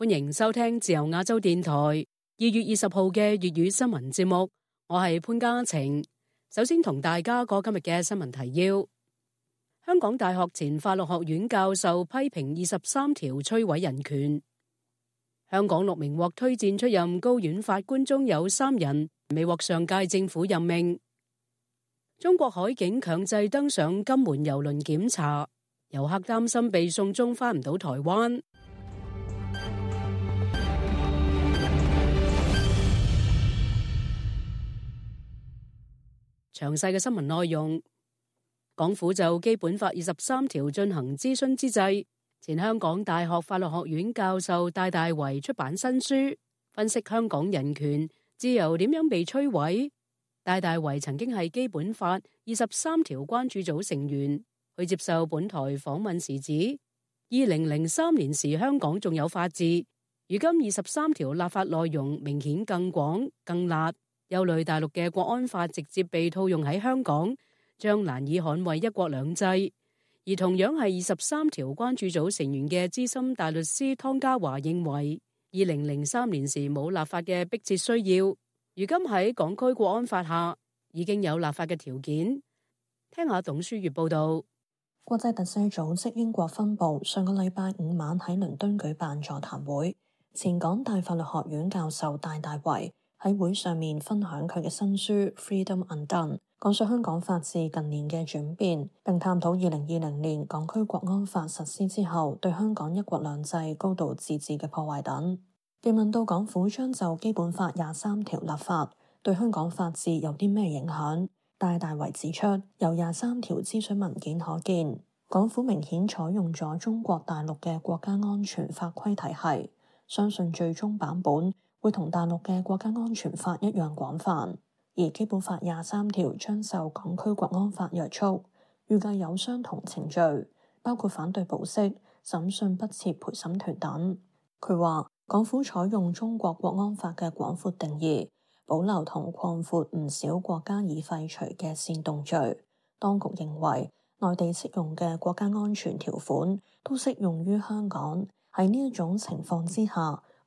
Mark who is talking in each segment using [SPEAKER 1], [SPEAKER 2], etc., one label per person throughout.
[SPEAKER 1] 歡迎收聽自由亞洲電台二月二十號嘅粵語新聞節目，我係潘嘉晴。首先同大家講今日嘅新聞提要：香港大學前法律學院教授批評二十三條摧毀人權；香港六名獲推薦出任高院法官中有三人未獲上屆政府任命；中國海警強制登上金門遊輪檢查，遊客擔心被送中翻唔到台灣。詳細嘅新聞內容，港府就基本法二十三條進行諮詢之際，前香港大學法律學院教授戴大為出版新書，分析香港人權自由點樣被摧毀。戴大為曾經係基本法二十三條關注組成員，佢接受本台訪問時指，二零零三年時香港仲有法治，如今二十三條立法內容明顯更廣更辣。憂慮大陸嘅國安法直接被套用喺香港，將難以捍衛一國兩制。而同樣係二十三條關注組成員嘅資深大律師湯家驊認為，二零零三年時冇立法嘅迫切需要，如今喺港區國安法下已經有立法嘅條件。聽下董書月報道。
[SPEAKER 2] 國際特赦組織英國分部上個禮拜五晚喺倫敦舉辦座談會，前港大法律學院教授戴大為，喺會上面分享佢嘅新書《Freedom Undone》，講述香港法治近年嘅轉變，並探討二零二零年港區國安法實施之後對香港一國兩制高度自治嘅破壞等。被問到港府將就基本法廿三條立法對香港法治有啲咩影響，戴大維指出，由廿三條諮詢文件可見，港府明顯採用咗中國大陸嘅國家安全法規體系，相信最終版本會同大陸嘅國家安全法一樣廣泛，而基本法廿三條將受港區國安法約束，預計有相同程序，包括反對保釋、審訊不設陪審團等。佢話，港府採用中國國安法嘅廣闊定義，保留同擴闊唔少國家已廢除嘅煽動罪。當局認為，內地適用嘅國家安全條款都適用於香港，喺呢一種情況之下。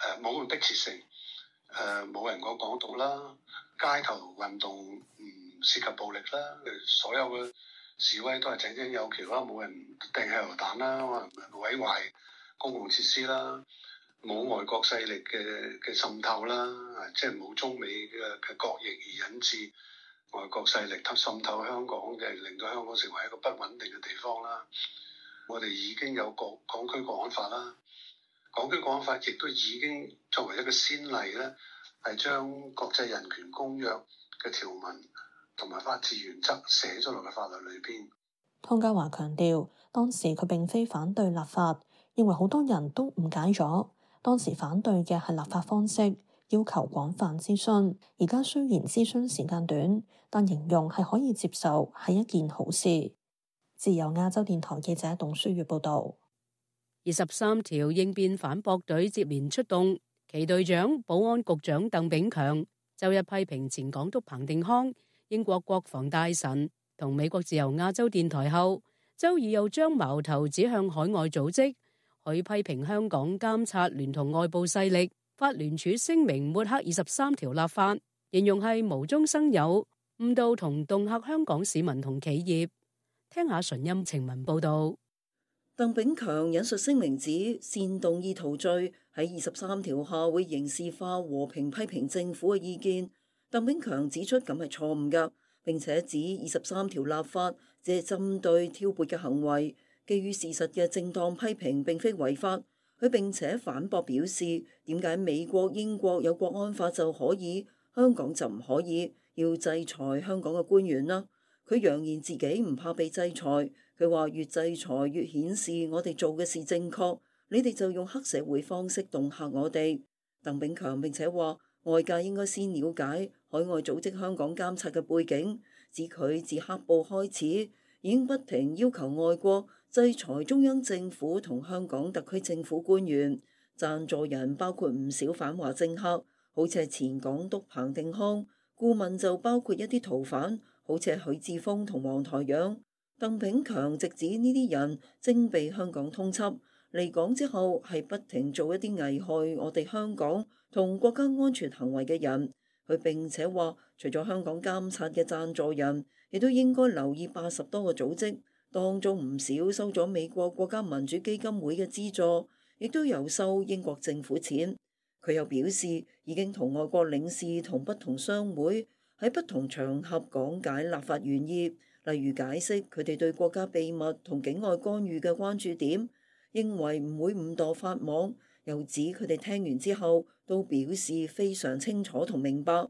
[SPEAKER 3] 誒冇咁迫切性，誒、呃、冇人講港獨啦，街頭運動唔涉及暴力啦，所有嘅示威都係井井有條啦，冇人掟汽油彈啦，毀壞公共設施啦，冇外國勢力嘅嘅滲透啦，啊，即係冇中美嘅嘅角力而引致外國勢力滲透香港嘅，令到香港成為一個不穩定嘅地方啦。我哋已經有個港區國安法啦。港區講,講法亦都已經作為一個先例咧，係將國際人權公約嘅條文
[SPEAKER 2] 同埋法治原則寫咗落去法律裏邊。湯家驊強調，當時佢並非反對立法，認為好多人都誤解咗。當時反對嘅係立法方式，要求廣泛諮詢。而家雖然諮詢時間短，但形容係可以接受，係一件好事。自由亞洲電台記者董書月報導。
[SPEAKER 1] 二十三條應變反駁隊接連出動，其隊長保安局長鄧炳強周日批評前港督彭定康、英國國防大臣同美國自由亞洲電台後，周二又將矛頭指向海外組織，佢批評香港監察聯同外部勢力發聯署聲明抹黑二十三條立法，形容係無中生有，誤導同恫嚇香港市民同企業。聽下純音情文報道。鄧炳強引述聲明
[SPEAKER 4] 指煽動意圖罪喺二十三條下會刑事化和平批評政府嘅意見。鄧炳強指出咁係錯誤噶，並且指二十三條立法只係針對挑撥嘅行為，基於事實嘅正當批評並非違法。佢並且反駁表示，點解美國、英國有國安法就可以，香港就唔可以，要制裁香港嘅官員啦？佢揚言自己唔怕被制裁。佢話越制裁越顯示我哋做嘅事正確，你哋就用黑社會方式恫嚇我哋。鄧炳強並且話外界應該先了解海外組織香港監察嘅背景，指佢自黑暴開始已經不停要求外國制裁中央政府同香港特區政府官員，贊助人包括唔少反華政客，好似係前港督彭定康，顧問就包括一啲逃犯，好似係許智峯同黃台仰。鄧炳強直指呢啲人正被香港通緝，嚟港之後係不停做一啲危害我哋香港同國家安全行為嘅人。佢並且話，除咗香港監察嘅贊助人，亦都應該留意八十多個組織，當中唔少收咗美國國家民主基金會嘅資助，亦都有收英國政府錢。佢又表示，已經同外國領事同不同商會喺不同場合講解立法原意。例如解釋佢哋對國家秘密同境外干預嘅關注點，認為唔會誤墮法網。又指佢哋聽完之後都表示非常清楚同明白。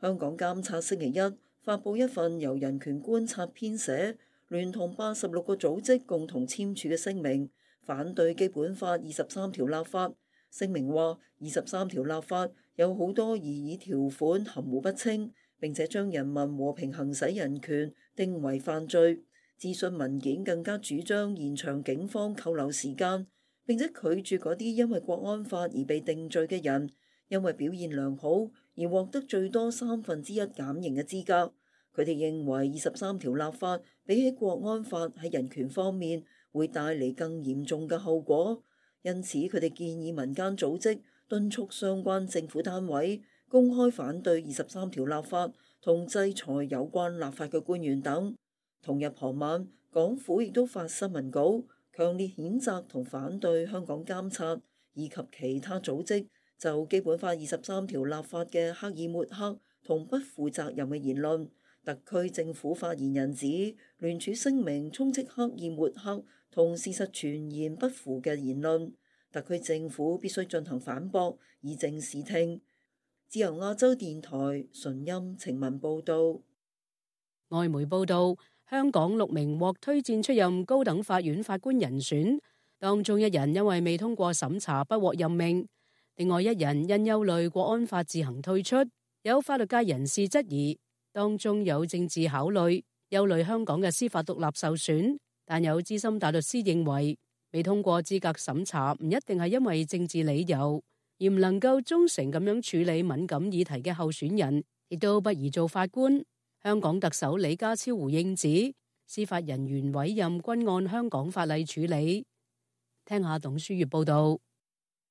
[SPEAKER 4] 香港監察星期一發布一份由人權觀察編寫、聯同八十六個組織共同簽署嘅聲明，反對基本法二十三條立法。聲明話二十三條立法有好多異議條款含糊不清。並且將人民和平行使人權定為犯罪。諮詢文件更加主張延長警方扣留時間，並且拒絕嗰啲因為國安法而被定罪嘅人，因為表現良好而獲得最多三分之一減刑嘅資格。佢哋認為二十三條立法比起國安法喺人權方面會帶嚟更嚴重嘅後果，因此佢哋建議民間組織敦促相關政府單位。公開反對《二十三條》立法同制裁有關立法嘅官員等。同日傍晚，港府亦都發新聞稿，強烈譴責同反對香港監察以及其他組織就基本法《二十三條》立法嘅刻意抹黑同不負責任嘅言論。特區政府發言人指，聯署聲明充斥刻意抹黑同事實傳言不符嘅言論，特區政府必須進行反駁，以正視聽。自由亞
[SPEAKER 1] 洲電台純
[SPEAKER 4] 音情文報道，
[SPEAKER 1] 外媒報道，香港六名獲推薦出任高等法院法官人選，當中一人因為未通過審查不獲任命，另外一人因憂慮國安法自行退出。有法律界人士質疑，當中有政治考慮，憂慮香港嘅司法獨立受損。但有資深大律師認為，未通過資格審查唔一定係因為政治理由。而唔能夠忠誠咁樣處理敏感議題嘅候選人，亦都不宜做法官。香港特首李家超回應指，司法人員委任均按香港法例處理。聽下董書月報道。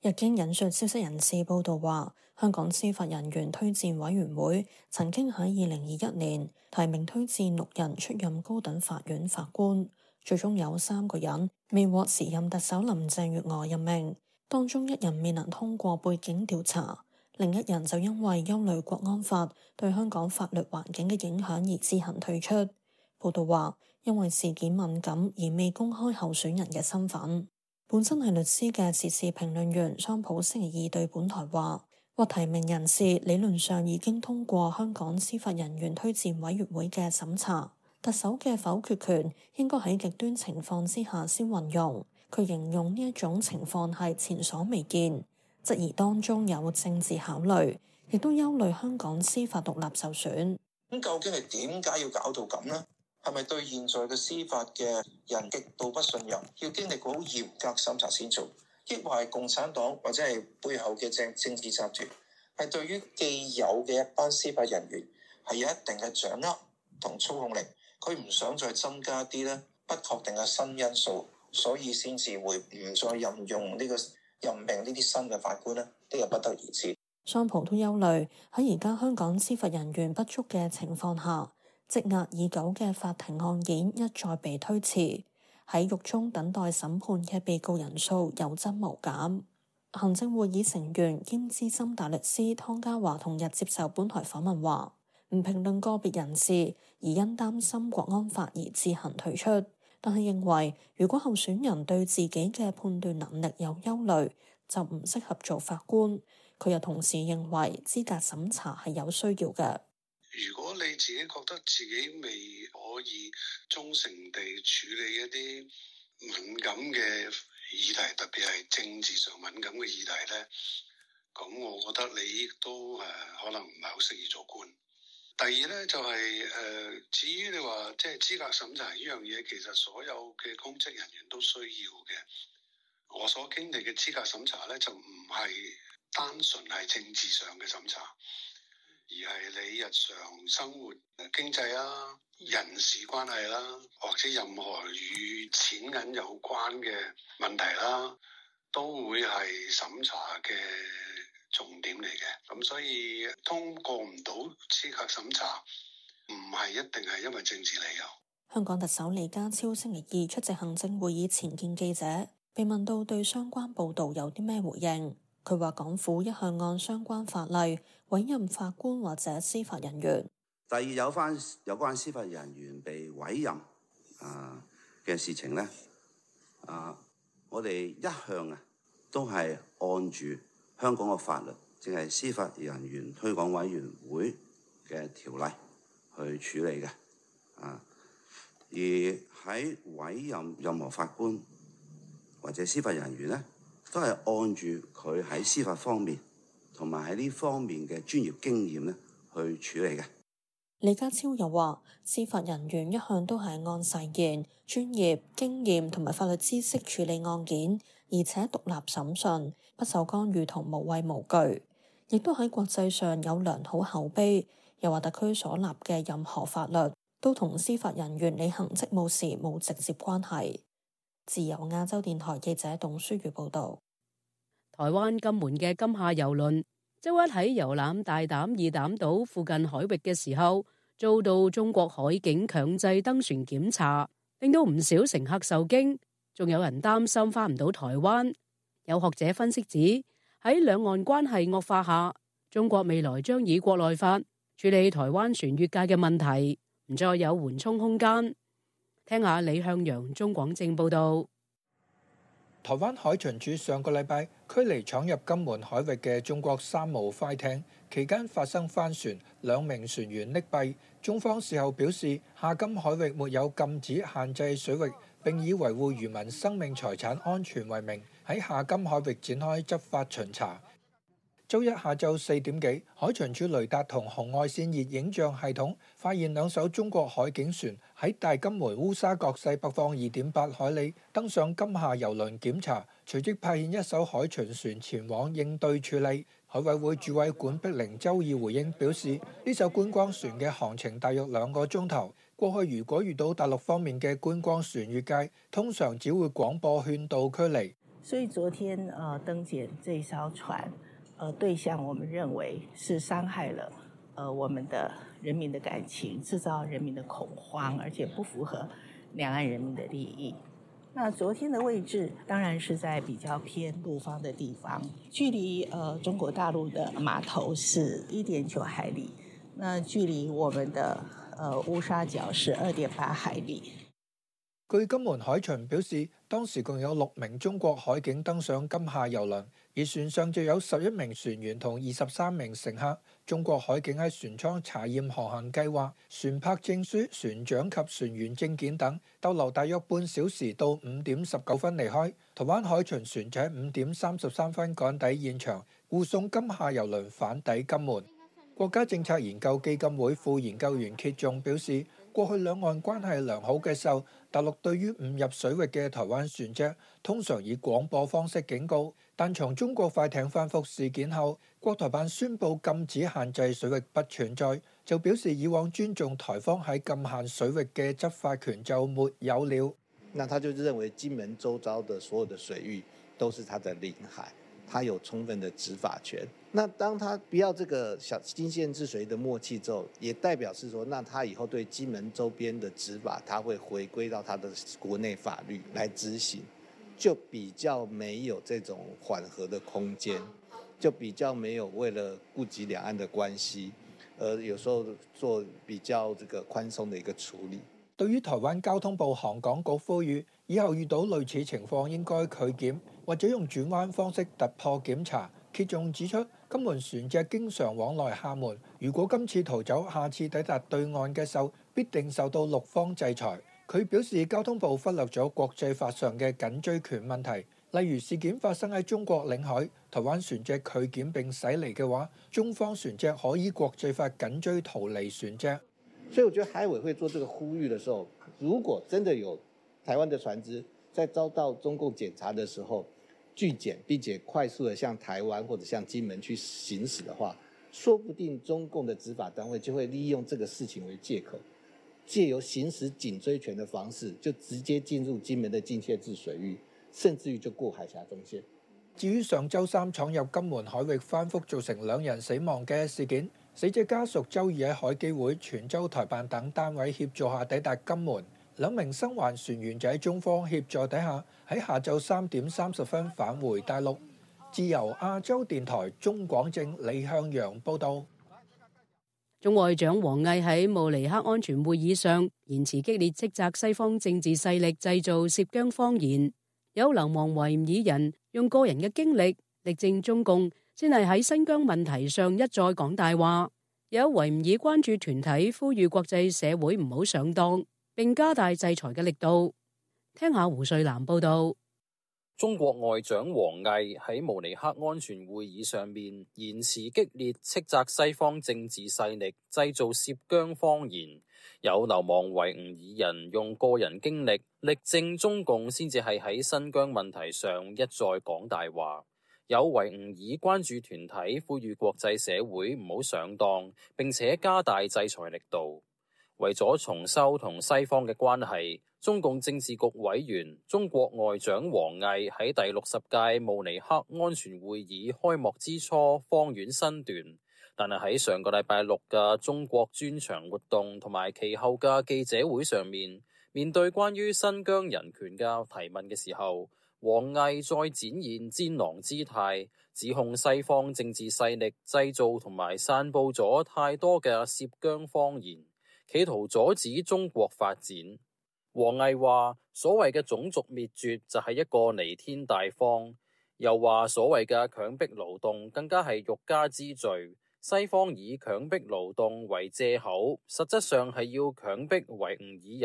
[SPEAKER 1] 日經引述消息人士報道話，香港司法人員推
[SPEAKER 2] 薦委員會曾經喺二零二一年提名推薦六人出任高等法院法官，最終有三個人未獲時任特首林鄭月娥任命。當中一人未能通過背景調查，另一人就因為憂慮《國安法》對香港法律環境嘅影響而自行退出。報道話，因為事件敏感而未公開候選人嘅身份。本身係律師嘅時事評論員桑普星期二對本台話，獲提名人士理論上已經通過香港司法人員推薦委員會嘅審查。特首嘅否決權應該喺極端情況之下先運用。佢形容呢一種情況係前所未見，質疑當中有政治考慮，亦都憂慮香港司法獨立受損。咁
[SPEAKER 5] 究竟係點解要搞到咁呢？係咪對現在嘅司法嘅人極度不信任？要經歷過好嚴格審查先做，抑或係共產黨或者係背後嘅政政治集團係對於既有嘅一班司法人員係有一定嘅掌握同操控力？佢唔想再增加啲咧不確定嘅新因素。所以先至會唔再任用呢、這個任命呢啲新嘅法官呢，呢個不得而知。
[SPEAKER 2] 桑普都憂慮喺而家香港司法人員不足嘅情況下，積壓已久嘅法庭案件一再被推遲，喺獄中等待審判嘅被告人數有增無減。行政會議成員兼資深大律師湯家驊同日接受本台訪問話，唔評論個別人士，而因擔心國安法而自行退出。但係認為，如果候選人對自己嘅判斷能力有憂慮，就唔適合做法官。佢又同時認為，資格審查係有需要嘅。
[SPEAKER 3] 如果你自己覺得自己未可以忠誠地處理一啲敏感嘅議題，特別係政治上敏感嘅議題咧，咁我覺得你亦都可能唔係好適宜做官。第二咧就係、是、誒、呃，至於你話即係資格審查呢樣嘢，其實所有嘅公職人員都需要嘅。我所經歷嘅資格審查咧，就唔係單純係政治上嘅審查，而係你日常生活、經濟啦、啊、人事關係啦、啊，或者任何與錢銀有關嘅問題啦、啊，都會係審查嘅。重點嚟嘅，咁所以通
[SPEAKER 5] 過唔到資格審查，唔係一定係因為政治理由。香
[SPEAKER 2] 港特首李家超星期二出席行政會議前見記者，被問到對相關報導有啲咩回應，佢話港府一向按相關法例委任法官或者司法人員。
[SPEAKER 5] 第二，有關有關司法人員被委任啊嘅事情呢，啊，我哋一向啊都係按住，香港嘅法律正係司法人員推薦委員會嘅條例去處理嘅，啊，而喺委任任何法官或者司法人員呢，都係按住佢喺司法方面同埋喺呢方面嘅專業經驗呢去處理嘅。
[SPEAKER 2] 李家超又話：司法人員一向都係按誓言、專業、經驗同埋法律知識處理案件，而且獨立審訊，不受干預同無畏無懼，亦都喺國際上有良好口碑。又話特區所立嘅任何法律都同司法人員履行
[SPEAKER 1] 職務時冇直接關係。自由亞洲電台記者董書如報道，台灣金門嘅金廈遊輪。周一喺遊覽大膽、二膽島附近海域嘅時候，遭到中國海警強制登船檢查，令到唔少乘客受驚，仲有人擔心翻唔到台灣。有學者分析指，喺兩岸關係惡化下，中國未來將以國內法處理台灣船越界嘅問題，唔再有緩衝空間。聽下李向陽、中廣正報道。台灣海巡署
[SPEAKER 5] 上個禮拜。驅離闖入金門海域嘅中國三無快艇，期間發生翻船，兩名船員溺斃。中方事後表示，廈金海域沒有禁止限制水域，並以維護漁民生命財產安全為名，喺廈金海域展開執法巡查。周一下晝四點幾，海巡署雷達同紅外線熱影像系統發現兩艘中國海警船喺大金門烏沙角西北方二點八海里，登上金夏遊輪檢查，隨即派遣一艘海巡船前往應對處理。海委會主委管碧玲周二回應表示，呢艘觀光船嘅航程大約兩個鐘頭，過去如果遇到大陸方面嘅觀光船越界，通常只會廣播勸導驅離。
[SPEAKER 2] 所以昨天啊，呃，登檢呢艘船。呃，對象我們認為是傷害了、呃、我們的人民的感情，製造人民的恐慌，而且不符合兩岸人民的利益。那昨天的位置，當然是在比較偏陸方的地方，距離、呃、中國大陸的碼頭是一點九海里，那距離我們的呃烏沙角是二點八海里。
[SPEAKER 5] 據金門海巡表示，當時共有六名中國海警登上金夏遊輪。而船上就有十一名船員同二十三名乘客。中國海警喺船艙查驗航行計劃、船舶證書、船長及船員證件等，逗留大約半小時到五點十九分離開。台灣海巡船在五點三十三分趕抵現場，護送金廈遊輪返抵金門。國家政策研究基金會副研究員揭仲表示。過去兩岸關係良好嘅時候，大陸對於誤入水域嘅台灣船隻，通常以廣播方式警告。但從中國快艇翻覆事件後，國台辦宣布禁止限制水域不存在，就表示以往尊重台方喺禁限水域嘅執法權就沒有了。那他就認為金門周遭的所有的水域都是他的領海，他有充分的執法權。那當他不要這個小金線之水的默契之後，也代表是說，那他以後對金門周邊的執法，他會回歸到他的國內法律來執行，就比較沒有這種緩和的空間，就比較沒有為了顧及兩岸的關係，而有時候做比較這個寬鬆的一個處理。對於台灣交通部航港局呼籲以後遇到類似情況應該拒檢或者用轉彎方式突破檢查。其中指出。金門船隻經常往來廈門，如果今次逃走，下次抵達對岸嘅時候必定受到陸方制裁。佢表示交通部忽略咗國際法上嘅緊追權問題，例如事件發生喺中國領海，台灣船隻拒檢並駛離嘅話，中方船隻可以國際法緊追逃離船隻。所以，我覺得海委會做這個呼籲嘅時候，如果真的有台灣嘅船隻在遭到中共檢查嘅時候，拒檢並且快速的向台灣或者向金門去行駛的話，說不定中共的執法單位就會利用這個事情為藉口，借由行使緊追權的方式，就直接進入金門的禁限制水域，甚至於就過海峽中線。至於上周三闖入金門海域翻覆造成兩人死亡嘅事件，死者家屬周二喺海基會、泉州台辦等單位協助下抵達金門。兩名生還船員就喺中方協助底下，喺下晝三點三十分返回大陸。自由亞洲電台中廣政李向陽報道。
[SPEAKER 1] 總外長王毅喺慕尼黑安全會議上言辭激烈，斥責西方政治勢力製造涉疆謊言。有流亡維吾爾人用個人嘅經歷力證中共先係喺新疆問題上一再講大話。有維吾爾關注團體呼籲國際社會唔好上當。並加大制裁嘅力度。聽下胡瑞南報道。
[SPEAKER 6] 中國外長王毅喺慕尼黑安全會議上面言辭激烈，斥責西方政治勢力製造涉疆謊言，有流亡維吾爾人用個人經歷力證中共先至係喺新疆問題上一再講大話，有維吾爾關注團體呼籲國際社會唔好上當，並且加大制裁力度。為咗重修同西方嘅關係，中共政治局委員、中國外長王毅喺第六十屆慕尼黑安全會議開幕之初放軟身段，但係喺上個禮拜六嘅中國專場活動同埋其後嘅記者會上面，面對關於新疆人權嘅提問嘅時候，王毅再展現戰狼姿態，指控西方政治勢力製造同埋散佈咗太多嘅涉疆謊言。企圖阻止中國發展，王毅話：所謂嘅種族滅絕就係一個彌天大謊；又話所謂嘅強迫勞動更加係欲加之罪。西方以強迫勞動為借口，實質上係要強迫維吾爾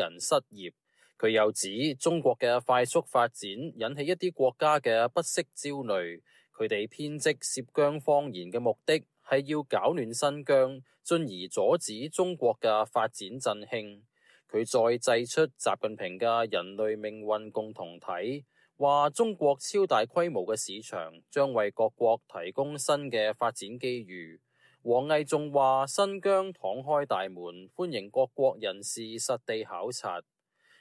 [SPEAKER 6] 人失業。佢又指中國嘅快速發展引起一啲國家嘅不適焦慮，佢哋編織涉疆謊言嘅目的。係要搞亂新疆，進而阻止中國嘅發展振興。佢再祭出習近平嘅人類命運共同體，話中國超大規模嘅市場將為各國提供新嘅發展機遇。王毅仲話新疆敞開大門，歡迎各國人士實地考察。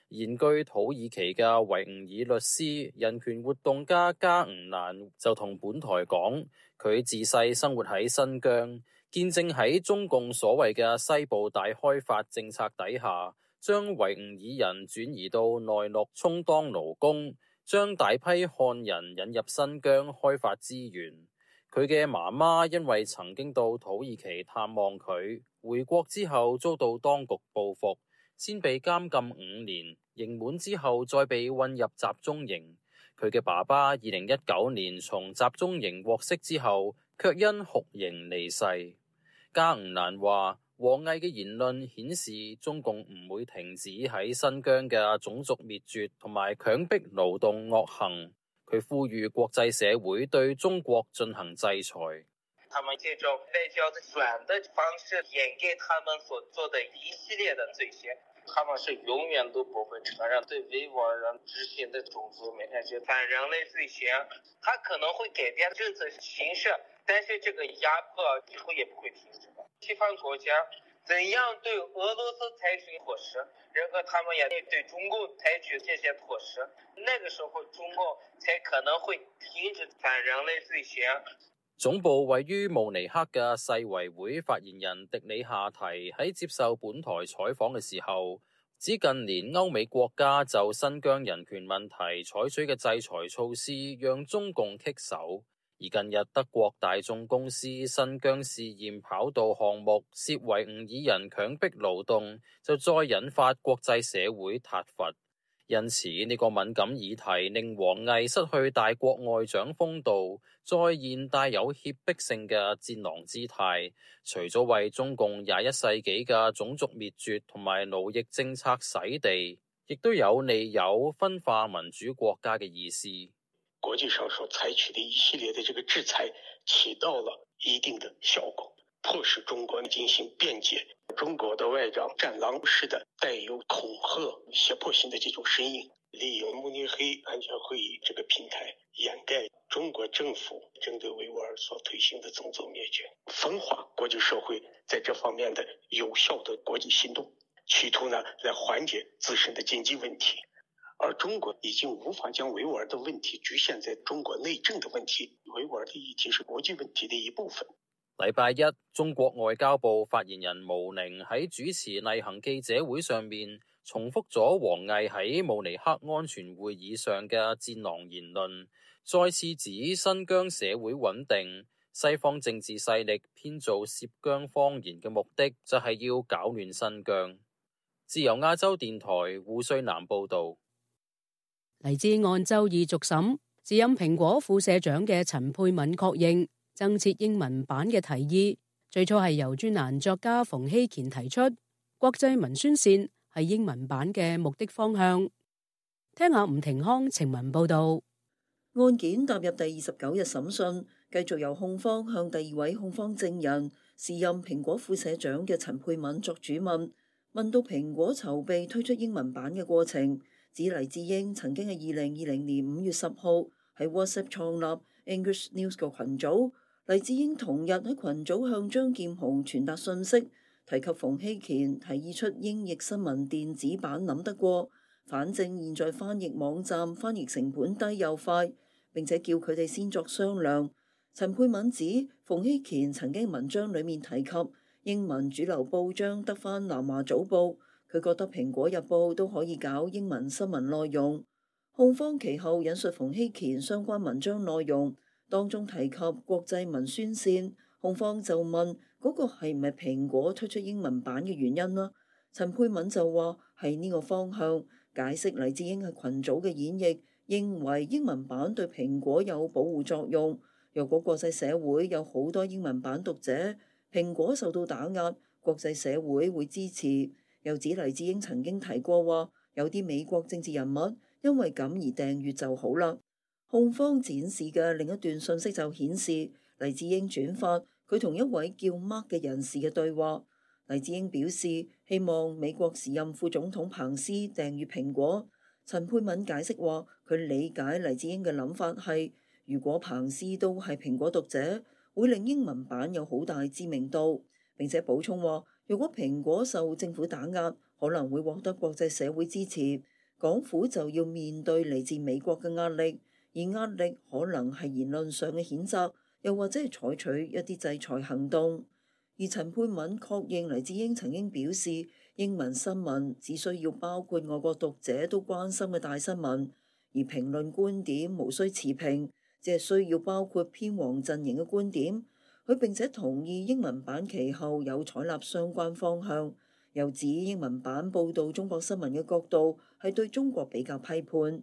[SPEAKER 6] 現居土耳其嘅維吾爾律師、人權活動家加吾蘭就同本台講，佢自細生活喺新疆，見證喺中共所謂嘅西部大開發政策底下，將維吾爾人轉移到內陸充當勞工，將大批漢人引入新疆開發資源。佢嘅媽媽因為曾經到土耳其探望佢，回國之後遭到當局報復。先被監禁五年，刑滿之後再被運入集中營。佢嘅爸爸二零一九年從集中營獲釋之後，卻因酷刑離世。加吾蘭話，王毅嘅言論顯示中共唔會停止喺新疆嘅種族滅絕同埋強迫勞動惡行。佢呼籲國際社會對中國進行制裁。他們這種外交的軟的方式掩蓋他們所做的一系列的罪行，他們是永遠都不會
[SPEAKER 5] 承認對維吾爾人執行的種族滅絕反人類罪行。他可能會改變政策形式，但是這個壓迫以後也不會停止的。西方
[SPEAKER 6] 國家怎樣對俄羅斯採取措施，然後他們也會對中共採取這些措施，那個時候中共才可能會停止
[SPEAKER 3] 反人類罪行。
[SPEAKER 6] 總部位於慕尼黑，嘅世維會發言人迪里夏提喺接受本台採訪嘅時候指，近年歐美國家就新疆人權問題採取嘅制裁措施讓中共棘手，而近日德國大眾公司新疆試驗跑道項目涉為維吾爾人強迫勞動，就再引發國際社會撻伐。因此呢個敏感議題令王毅失去大國外長風度，再現帶有脅迫性嘅戰狼姿態，除咗為中共廿一世紀嘅種族滅絕同埋奴役政策洗地，亦都有利有分化民主國家嘅意思。
[SPEAKER 3] 國際上所採取的一系列嘅這個制裁，起到了一定的效果。迫使中國進行辯解，中國的外長戰狼式的帶有恐嚇、脅迫性的這種聲音，利用慕尼黑安全會議這個平台，掩蓋中國政府針對維吾爾所推行的種族滅絕，分化國際社會在這方面的有效的國際行動，企圖呢來緩解自身的經濟問題，而中國已經無法將維吾爾的問題局限在中國內政的問
[SPEAKER 6] 題，維吾爾的議題是國際問題的一部分。禮拜一，中國外交部發言人毛寧喺主持例行記者會上面，重複咗王毅喺慕尼黑安全會議上嘅戰狼言論，再次指新疆社會穩定，西方政治勢力編造涉疆謊言嘅目的就係要搞亂新疆。自由亞洲電台胡瑞南報道。
[SPEAKER 1] 黎智英周二續審，時任蘋果副社長嘅陳佩敏確認。增設英文版嘅提議最初係由專欄作家馮希乾提出，國際文宣線係英文版嘅目的方向。聽下吳庭康晴文報道。案件踏入第二十
[SPEAKER 4] 九日審訊，繼續由控方向第二位控方證人、時任蘋果副社長嘅陳佩敏作主問，問到蘋果籌備推出英文版嘅過程，指黎智英曾經喺二零二零年五月十號喺 WhatsApp 創立 English News 嘅群組。黎智英同日喺群組向張劍虹傳達信息，提及馮希乾提議出英譯新聞電子版諗得過，反正現在翻譯網站翻譯成本低又快，並且叫佢哋先作商量。陳佩敏指馮希乾曾經文章裏面提及英文主流報章得翻南華早報，佢覺得蘋果日報都可以搞英文新聞內容。控方其後引述馮希乾相關文章內容。當中提及國際文宣線，控方就問嗰個係唔係蘋果推出英文版嘅原因啦？陳佩敏就話係呢個方向解釋黎智英係群組嘅演繹，認為英文版對蘋果有保護作用。若果國際社會有好多英文版讀者，蘋果受到打壓，國際社會會支持。又指黎智英曾經提過話，有啲美國政治人物因為咁而訂閲就好啦。控方展示嘅另一段信息就顯示黎智英轉發佢同一位叫 Mark 嘅人士嘅對話。黎智英表示希望美國時任副總統彭斯訂閲蘋果。陳佩敏解釋話，佢理解黎智英嘅諗法係，如果彭斯都係蘋果讀者，會令英文版有好大知名度，並且補充話，如果蘋果受政府打壓，可能會獲得國際社會支持，港府就要面對嚟自美國嘅壓力。而壓力可能係言論上嘅譴責，又或者係採取一啲制裁行動。而陳佩敏確認黎智英曾經表示，英文新聞只需要包括外國讀者都關心嘅大新聞，而評論觀點無需持平，只係需要包括偏黃陣營嘅觀點。佢並且同意英文版其後有採納相關方向，又指英文版報導中國新聞嘅角度係對中國比較批判。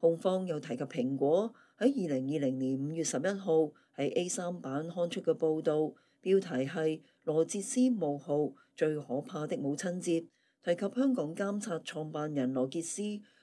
[SPEAKER 4] 控方又提及蘋果喺二零二零年五月十一號喺 A 三版刊出嘅報道，標題係羅哲斯冒號最可怕的母親節，提及香港監察創辦人羅傑斯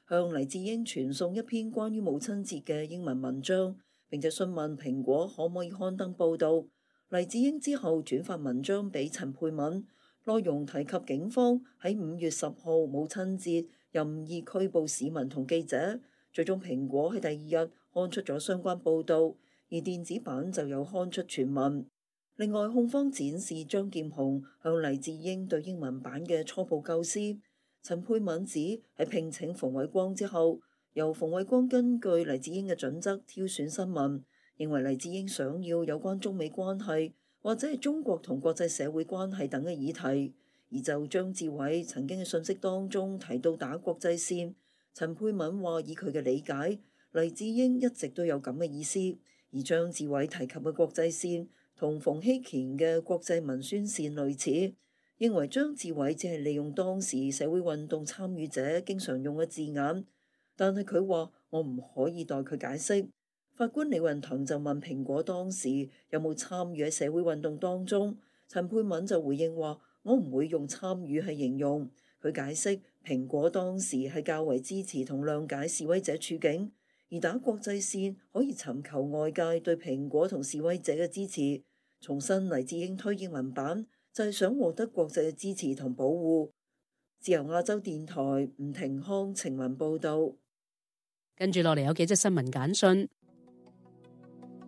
[SPEAKER 4] 向黎智英傳送一篇關於母親節嘅英文文章，並且詢問蘋果可唔可以刊登報道。黎智英之後轉發文章俾陳佩敏，內容提及警方喺五月十號母親節任意拘捕市民同記者。最終，蘋果喺第二日刊出咗相關報導，而電子版就有刊出全文。另外，控方展示張劍虹向黎智英對英文版嘅初步構思。陳佩敏指喺聘請馮偉光之後，由馮偉光根據黎智英嘅準則挑選新聞，認為黎智英想要有關中美關係或者係中國同國際社會關係等嘅議題，而就張志偉曾經嘅信息當中提到打國際線。陳佩敏話：以佢嘅理解，黎智英一直都有咁嘅意思。而張志偉提及嘅國際線同馮希乾嘅國際文宣線類似，認為張志偉只係利用當時社會運動參與者經常用嘅字眼。但係佢話：我唔可以代佢解釋。法官李雲騰就問蘋果當時有冇參與喺社會運動當中？陳佩敏就回應話：我唔會用參與去形容，佢解釋。蘋果當時係較為支持同諒解示威者處境，而打國際線可以尋求外界對蘋果同示威者嘅支持。重新嚟自英推英文版，就係、是、想獲得國際嘅支持同保護。自由亞洲電台吳庭康情文
[SPEAKER 1] 報道，跟住落嚟有幾則新聞簡訊。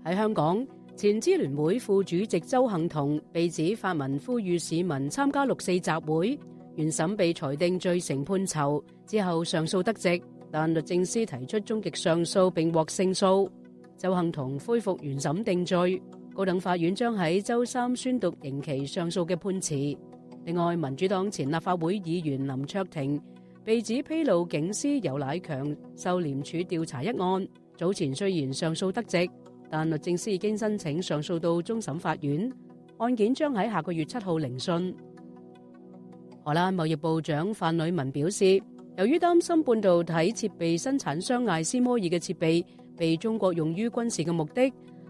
[SPEAKER 1] 喺香港，前支聯會副主席周幸彤被指發文呼籲市民參加六四集會。原審被裁定罪成判囚之後上訴得直，但律政司提出終極上訴並獲勝訴，鄒幸彤恢復原審定罪。高等法院將喺周三宣讀刑期上訴嘅判詞。另外，民主黨前立法會議員林卓廷被指披露警司游乃強受廉署調查一案，早前雖然上訴得直，但律政司已經申請上訴到終審法院，案件將喺下個月七號聆訊。荷蘭貿易部長范呂文表示，由於擔心半導體設備生產商艾斯摩爾嘅設備被中國用於軍事嘅目的，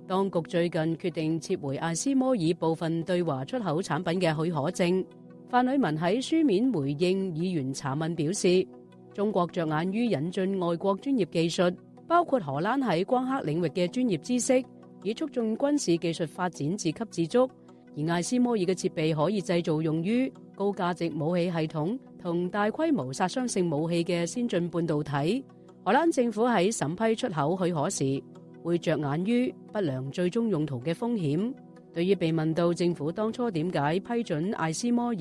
[SPEAKER 1] 當局最近決定撤回艾斯摩爾部分對華出口產品嘅許可證。范呂文喺書面回應議員查問，表示中國着眼於引進外國專業技術，包括荷蘭喺光刻領域嘅專業知識，以促進軍事技術發展自給自足。而艾斯摩爾嘅設備可以製造用於。高價值武器系統同大規模殺傷性武器嘅先進半導體，荷蘭政府喺審批出口許可時會着眼於不良最終用途嘅風險。對於被問到政府當初點解批准艾斯摩爾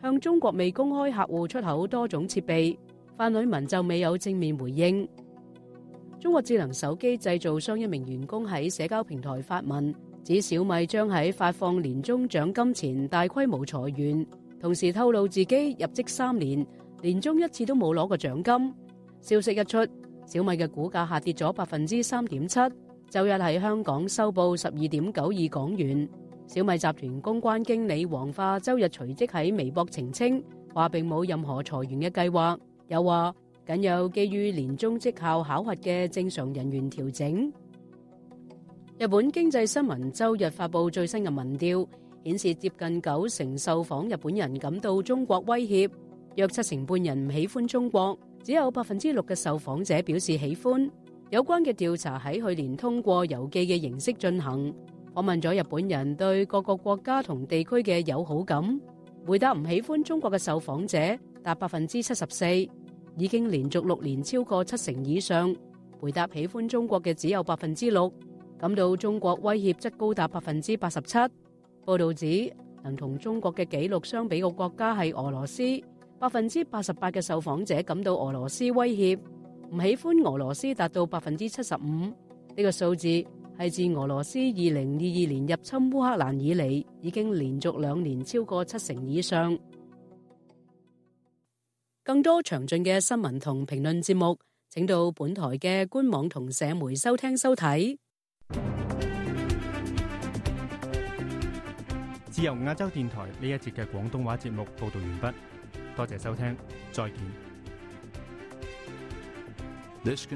[SPEAKER 1] 向中國未公開客戶出口多種設備，范呂文就未有正面回應。中國智能手機製造商一名員工喺社交平台發文指，小米將喺發放年終獎金前大規模裁員。同時透露自己入職三年，年終一次都冇攞過獎金。消息一出，小米嘅股價下跌咗百分之三點七。周日喺香港收報十二點九二港元。小米集團公關經理王化周日隨即喺微博澄清，話並冇任何裁員嘅計劃，又話僅有基於年終績效考核嘅正常人員調整。日本經濟新聞周日發布最新嘅民調。顯示接近九成受訪日本人感到中國威脅，約七成半人唔喜歡中國，只有百分之六嘅受訪者表示喜歡。有關嘅調查喺去年通過郵寄嘅形式進行，訪問咗日本人對各個國家同地區嘅友好感。回答唔喜歡中國嘅受訪者達百分之七十四，已經連續六年超過七成以上。回答喜歡中國嘅只有百分之六，感到中國威脅則高達百分之八十七。報道指，能同中國嘅紀錄相比嘅國家係俄羅斯，百分之八十八嘅受訪者感到俄羅斯威脅，唔喜歡俄羅斯達到百分之七十五。呢個數字係自俄羅斯二零二二年入侵烏克蘭以嚟，已經連續兩年超過七成以上。更多詳盡嘅新聞同評論節目，請到本台嘅官網同社媒收聽收睇。
[SPEAKER 5] 自由亞洲電台呢一節嘅廣東話節目報道完畢，多謝收聽，再見。
[SPEAKER 6] This